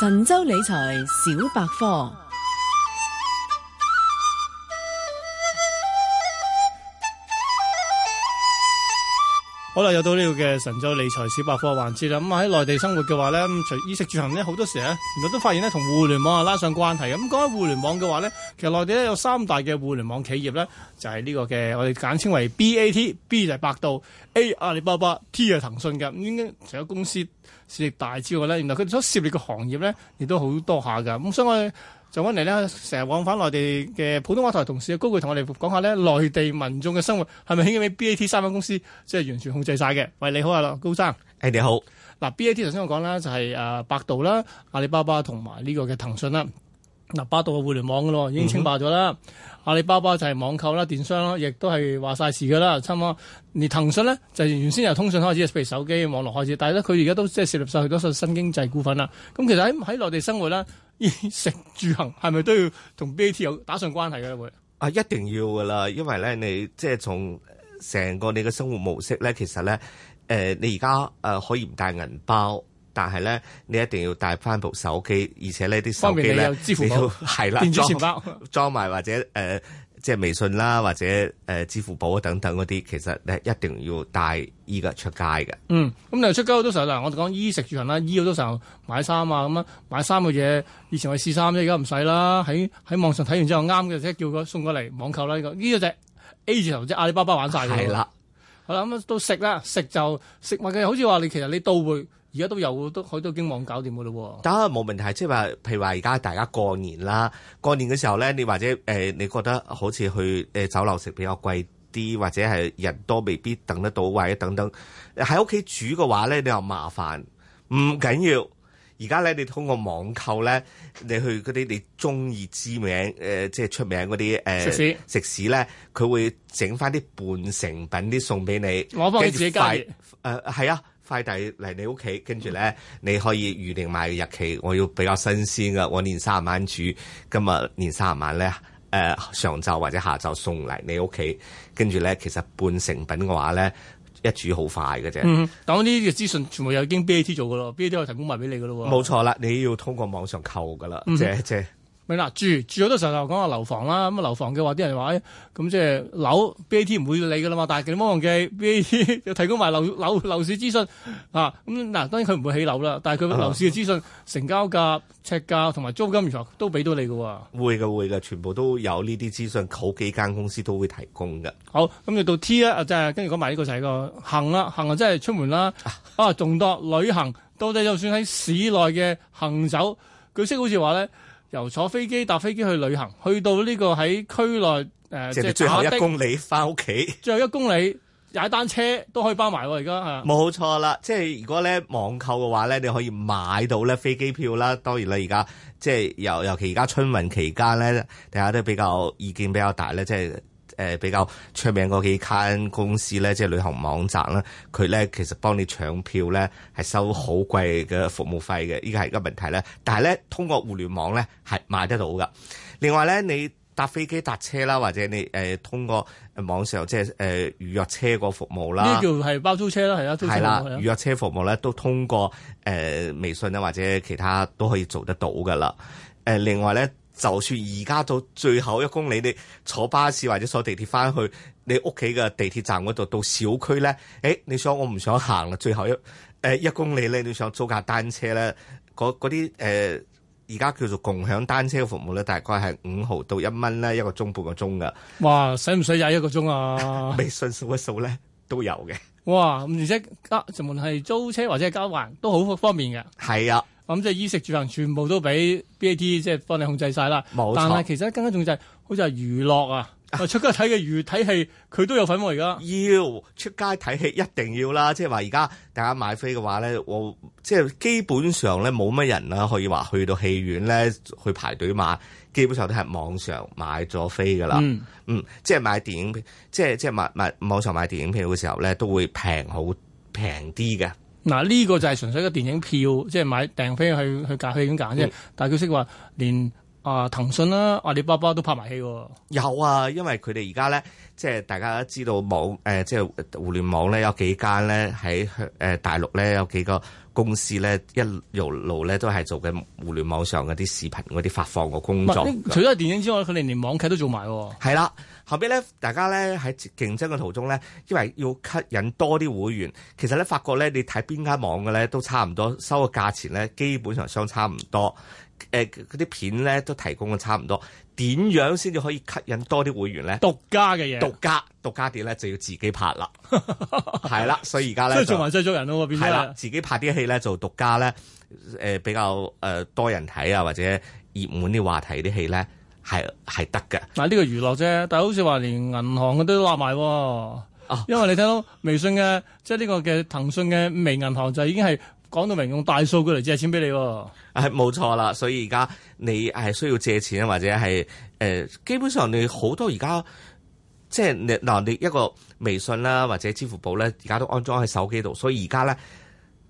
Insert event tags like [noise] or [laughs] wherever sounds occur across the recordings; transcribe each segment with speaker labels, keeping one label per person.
Speaker 1: 神州理財小百科。
Speaker 2: 好啦，又到呢個嘅神州理財小百科環節啦。咁啊喺內地生活嘅話咧，除衣食住行咧，好多時咧，原來都發現咧同互聯網啊拉上關係。咁講起互聯網嘅話咧，其實內地咧有三大嘅互聯網企業咧，就係、是、呢個嘅我哋簡稱為 BAT，B 就係百度，A 阿里巴巴，T 係騰訊嘅。咁應該除咗公司勢力大之外咧，原來佢所涉獵嘅行業咧，亦都好多下噶。咁、嗯、所以我就揾嚟呢，成日往返內地嘅普通話台同事高炬，同我哋講下呢，內地民眾嘅生活係咪已經俾 B A T 三間公司即係完全控制晒嘅？喂，你好啊，高生。誒、hey, 你好。嗱，B A T 頭先我講啦，就係、是、誒、呃、百度啦、阿里巴巴同埋呢個嘅騰訊啦。嗱，百度嘅互聯網嘅咯，已經稱霸咗啦。嗯、哼阿里巴巴就係網購啦、電商啦，亦都係話晒事嘅啦，差唔多。而騰訊呢，就原先由通訊開始，譬如手機網絡開始，但係呢，佢而家都即係涉入晒好多新經濟股份啦。咁其實喺喺內地生活啦，衣食住行係咪都要同 BAT 有打上關係嘅咧？會
Speaker 1: 啊，一定要嘅啦，因為咧你即係從成個你嘅生活模式咧，其實咧，誒、呃、你而家誒可以唔帶銀包，但係咧，你一定要帶翻部手機，而且呢啲手機你有支付寶你要係啦 [laughs] 塞，裝錢包裝埋或者誒、呃，即係微信啦，或者誒、呃、支付寶啊等等嗰啲，其實你一定要帶依個出街嘅。嗯，
Speaker 2: 咁你出街好多時候嗱，我哋講衣食住行啦，衣好多時候買衫啊，咁啊買衫嘅嘢以前我試衫啫，而家唔使啦。喺喺網上睇完之後啱嘅，即係叫佢送過嚟網購啦。呢個呢個就 A 字頭即係阿里巴巴玩晒嘅。係啦，好啦，咁啊到食啦，食就食物嘅好似話你其實你都會。而家都有，都好多已經網搞掂嘅咯。
Speaker 1: 但係冇問題，即係話，譬如話，而家大家過年啦，過年嘅時候咧，你或者誒、呃，你覺得好似去誒酒樓食比較貴啲，或者係人多未必等得到位等等。喺屋企煮嘅話咧，你又麻煩。唔緊要，而家咧，你通過網購咧，你去嗰啲你中意知名誒、呃，即係出名嗰啲誒食肆食肆咧，佢會整翻啲半成品啲送俾你。我幫你自己加熱。呃呃、係啊。快遞嚟你屋企，跟住咧你可以預定埋日期。我要比較新鮮嘅，我年卅晚煮，今日年卅晚咧，誒、呃、上晝或者下晝送嚟你屋企。跟住咧，其實半成品嘅話咧，一煮好快嘅啫。嗯，講呢
Speaker 2: 啲嘅資訊全部又已經 B A T 做嘅咯、嗯，B A T 有提供埋俾你嘅咯。冇錯啦，你
Speaker 1: 要通過網上購嘅啦，謝謝、嗯哼。嗯
Speaker 2: 咪嗱住住好多時候說說樓樓話、哎、就講下樓房啦，咁啊樓房嘅話啲人話咁即係樓 BAT 唔會理噶啦嘛，但係你唔好忘記 BAT [laughs] 就提供埋樓樓樓市資訊啊，咁嗱當然佢唔會起樓啦，但係佢樓市嘅資訊成交價、尺價同埋租金唔同都俾到你噶喎。
Speaker 1: 會噶會噶，全部都有呢啲資訊，好幾間公司都會提供噶。
Speaker 2: 好，咁就到 T 啦、啊，啊即係跟住講埋呢個就係個行啦，行啊即係出門啦， [laughs] 啊仲多旅行，到底就算喺市內嘅行走，據悉好似話咧。由坐飛機搭飛機去旅行，去到呢個喺區內誒，呃、即係最後一公
Speaker 1: 里翻屋企，
Speaker 2: 呃、最後一公里踩 [laughs] 單車都可以包埋喎！而家冇
Speaker 1: 錯啦，即係如果咧網購嘅話咧，你可以買到咧飛機票啦。當然啦，而家即係由尤其而家春運期間咧，大家都比較意見比較大咧，即係。誒、呃、比較出名嗰幾間公司咧，即係旅行網站啦，佢咧其實幫你搶票咧係收好貴嘅服務費嘅，依家係一個問題咧。但係咧，通過互聯網咧係買得到噶。另外咧，你搭飛機搭車啦，或者你誒、呃、通過網上即係誒、呃、預約車個服務啦，呢叫
Speaker 2: 係包租車啦，係啊，係啦，預約
Speaker 1: 車服務咧都通過誒、呃、微信啊或者其他都可以做得到噶啦。誒、呃、另外咧。就算而家到最後一公里，你坐巴士或者坐地鐵翻去你屋企嘅地鐵站嗰度，到小區咧，誒、欸、你想我唔想行啦？最後一誒、呃、一公里咧，你想租架單車咧？嗰啲誒而家叫做共享單車嘅服務咧，大概係五毫到一蚊咧，一個鐘半個鐘噶。
Speaker 2: 哇！使唔使踩一個鐘啊？微
Speaker 1: 信掃一掃咧都有嘅。
Speaker 2: 哇！咁而且交，無論係租車或者係交還，都好方便嘅。係啊。咁即係衣食住行全部都俾 BAT 即係幫你控制晒啦。冇錯，但係其實更加重要就係、是，好似係娛樂啊 [laughs] 出，出街睇嘅娛樂
Speaker 1: 睇戲，佢都有份喎而家。要出街睇戲一定要啦，即係話而家大家買飛嘅話咧，我即係基本上咧冇乜人啦，可以話去到戲院咧去排隊買，基本上都係網上買咗飛噶啦。嗯，嗯，即係買電影，即係即係買買，買網上買電影票嘅時候咧，都會平好平啲嘅。
Speaker 2: 嗱，呢個就係純粹嘅個電影票，即係買訂飛去去架戲院揀啫。嗯、但係佢識話連、呃、騰訊啊騰訊啦，阿里巴巴都拍埋戲喎。
Speaker 1: 有啊，因為佢哋而家咧。即係大家都知道網誒、呃，即係互聯網咧，有幾間咧喺香大陸咧，有幾個公司咧，一路路咧都係做緊互聯網上嗰啲視頻嗰啲發放嘅工作。除咗電影之外，佢哋連網劇都做埋。係啦，後邊咧，大家咧喺競爭嘅途中咧，因為要吸引多啲會員，其實咧發覺咧，你睇邊間網嘅咧都差唔多，收嘅價錢咧基本上相差唔多。誒、呃，啲片咧都提供嘅差唔多。點樣先至可以吸引多啲會員咧？獨家嘅嘢，獨家獨家啲咧就要自己拍啦，係啦， [laughs] 所以而家咧，所以做埋製
Speaker 2: 作人咯，係啦，
Speaker 1: 自己拍啲戲咧做獨家咧，誒、呃、比較誒多人睇啊，或者熱門啲話題啲戲咧係係得嘅。嗱呢個娛樂啫，但係好似話連銀
Speaker 2: 行佢都撈埋，啊、因為你睇到微信嘅即係呢個嘅騰訊嘅微
Speaker 1: 銀行就已經係。講到明用大數據嚟借錢俾你，係冇錯啦。所以而家你係需要借錢，或者係誒、呃，基本上你好多而家即係你嗱、呃，你一個微信啦，或者支付寶咧，而家都安裝喺手機度。所以而家咧，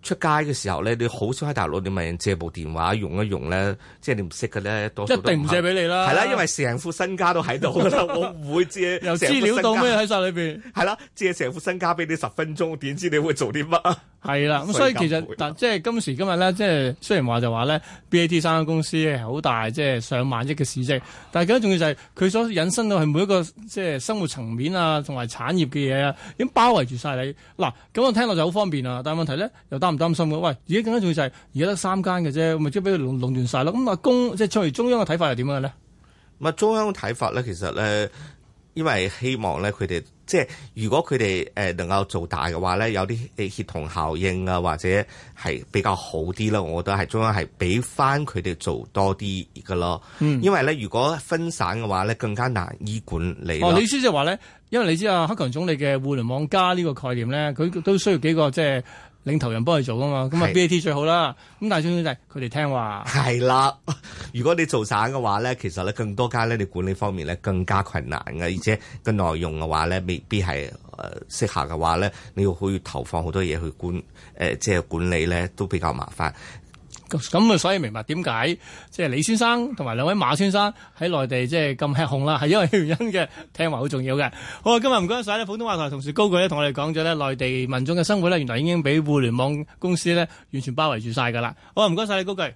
Speaker 1: 出街嘅時候咧，你好少喺大陸，你咪借部電話用一用咧，即係你唔識嘅咧，多數都一定唔借俾你啦。係啦，因為成副身家都喺度 [laughs] 我唔會借，有資料到咩喺晒裏邊。係啦，借成副身家俾 [laughs] 你十分鐘，點知你會做啲乜啊？係
Speaker 2: 啦，咁所以其實嗱，即係 [laughs] 今時今日咧，即係雖然話就話咧，BAT 三間公司好大，即係上萬億嘅市值，但係更加重要就係佢所引申到係每一個即係生活層面啊，同埋產業嘅嘢啊，已經包圍住晒你。嗱，咁我聽落就好方便啊，但係問題咧又擔唔擔心？喂，而家更加重要就係而家得三間嘅啫，咪即係俾佢壟壟斷曬咯。咁啊，公即係作為中央嘅睇法又點樣咧？
Speaker 1: 咪中央嘅睇法咧，其實咧，因為希望咧佢哋。即係如果佢哋誒能夠做大嘅話咧，有啲協同效應啊，或者係比較好啲咯，我覺得係中央係俾翻佢哋做多啲嘅咯。嗯、因為咧，如果分散嘅話咧，更加難以管理。哦，你意思即係
Speaker 2: 話咧，因為你知啊，克強總理嘅互聯網加呢個概念咧，佢都需要幾個即係。領頭
Speaker 1: 人幫佢做啊嘛，咁啊 BAT
Speaker 2: 最好啦。咁的但係最主要就係佢哋聽話。
Speaker 1: 係啦，如果你做散嘅話咧，其實咧，更多間咧，你管理方面咧更加困難嘅，而且個內容嘅話咧未必係誒適合嘅話咧，你要去投放好多嘢去管誒、呃，即係管理咧都比較麻煩。咁啊，所以明白點解即係李先
Speaker 2: 生同埋兩位馬先生喺內地即係咁吃紅啦，係因為原因嘅。聽話好重要嘅。好啊，今日唔該晒呢，普通話台嘅同事高炬呢，同我哋講咗呢，內地民眾嘅生活呢，原來已經俾互聯網公司呢，完全包圍住晒噶啦。好啊，唔該晒你高炬。